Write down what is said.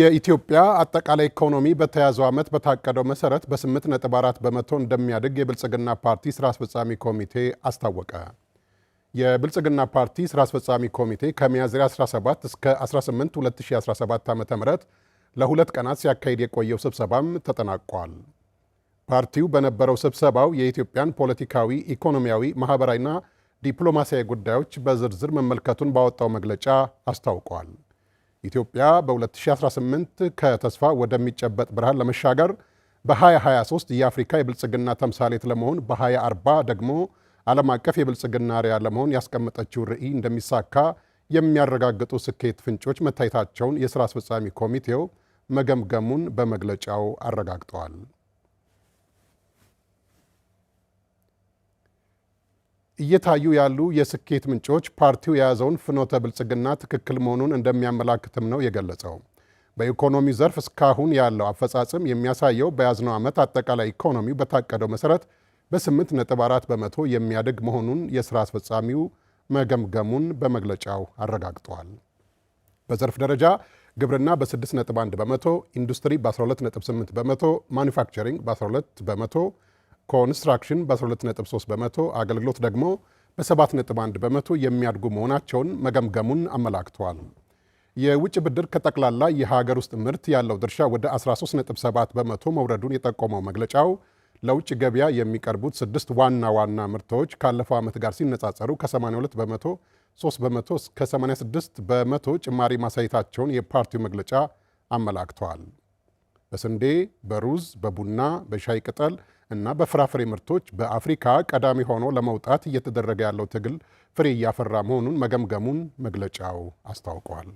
የኢትዮጵያ አጠቃላይ ኢኮኖሚ በተያዘው ዓመት በታቀደው መሰረት በ 4 በመቶ እንደሚያድግ የብልጽግና ፓርቲ ስራ አስፈጻሚ ኮሚቴ አስታወቀ። የብልጽግና ፓርቲ ስራ አስፈጻሚ ኮሚቴ ከሚያዝያ 17 እስከ 18 2017 ዓ ም ለሁለት ቀናት ሲያካሂድ የቆየው ስብሰባም ተጠናቋል። ፓርቲው በነበረው ስብሰባው የኢትዮጵያን ፖለቲካዊ፣ ኢኮኖሚያዊ፣ ማኅበራዊና ዲፕሎማሲያዊ ጉዳዮች በዝርዝር መመልከቱን ባወጣው መግለጫ አስታውቋል። ኢትዮጵያ በ2018 ከተስፋ ወደሚጨበጥ ብርሃን ለመሻገር በ2023 የአፍሪካ የብልጽግና ተምሳሌት ለመሆን በ2040 ደግሞ ዓለም አቀፍ የብልጽግና ሪያ ለመሆን ያስቀመጠችው ርዕይ እንደሚሳካ የሚያረጋግጡ ስኬት ፍንጮች መታየታቸውን የሥራ አስፈጻሚ ኮሚቴው መገምገሙን በመግለጫው አረጋግጠዋል። እየታዩ ያሉ የስኬት ምንጮች ፓርቲው የያዘውን ፍኖተ ብልጽግና ትክክል መሆኑን እንደሚያመላክትም ነው የገለጸው። በኢኮኖሚ ዘርፍ እስካሁን ያለው አፈጻጽም የሚያሳየው በያዝነው ዓመት አጠቃላይ ኢኮኖሚው በታቀደው መሠረት በ8 ነጥብ 4 በመቶ የሚያድግ መሆኑን የሥራ አስፈጻሚው መገምገሙን በመግለጫው አረጋግጠዋል። በዘርፍ ደረጃ ግብርና በ6 ነጥብ 1 በመቶ፣ ኢንዱስትሪ በ12 ነጥብ 8 በመቶ፣ ማኒፋክቸሪንግ በ12 በመቶ ኮንስትራክሽን በ12.3 በመቶ፣ አገልግሎት ደግሞ በ7.1 በመቶ የሚያድጉ መሆናቸውን መገምገሙን አመላክተዋል። የውጭ ብድር ከጠቅላላ የሀገር ውስጥ ምርት ያለው ድርሻ ወደ 13.7 በመቶ መውረዱን የጠቆመው መግለጫው ለውጭ ገበያ የሚቀርቡት ስድስት ዋና ዋና ምርቶች ካለፈው ዓመት ጋር ሲነጻጸሩ ከ82 በመቶ፣ 3 በመቶ እስከ 86 በመቶ ጭማሪ ማሳየታቸውን የፓርቲው መግለጫ አመላክተዋል። በስንዴ፣ በሩዝ፣ በቡና፣ በሻይ ቅጠል እና በፍራፍሬ ምርቶች በአፍሪካ ቀዳሚ ሆኖ ለመውጣት እየተደረገ ያለው ትግል ፍሬ እያፈራ መሆኑን መገምገሙን መግለጫው አስታውቋል።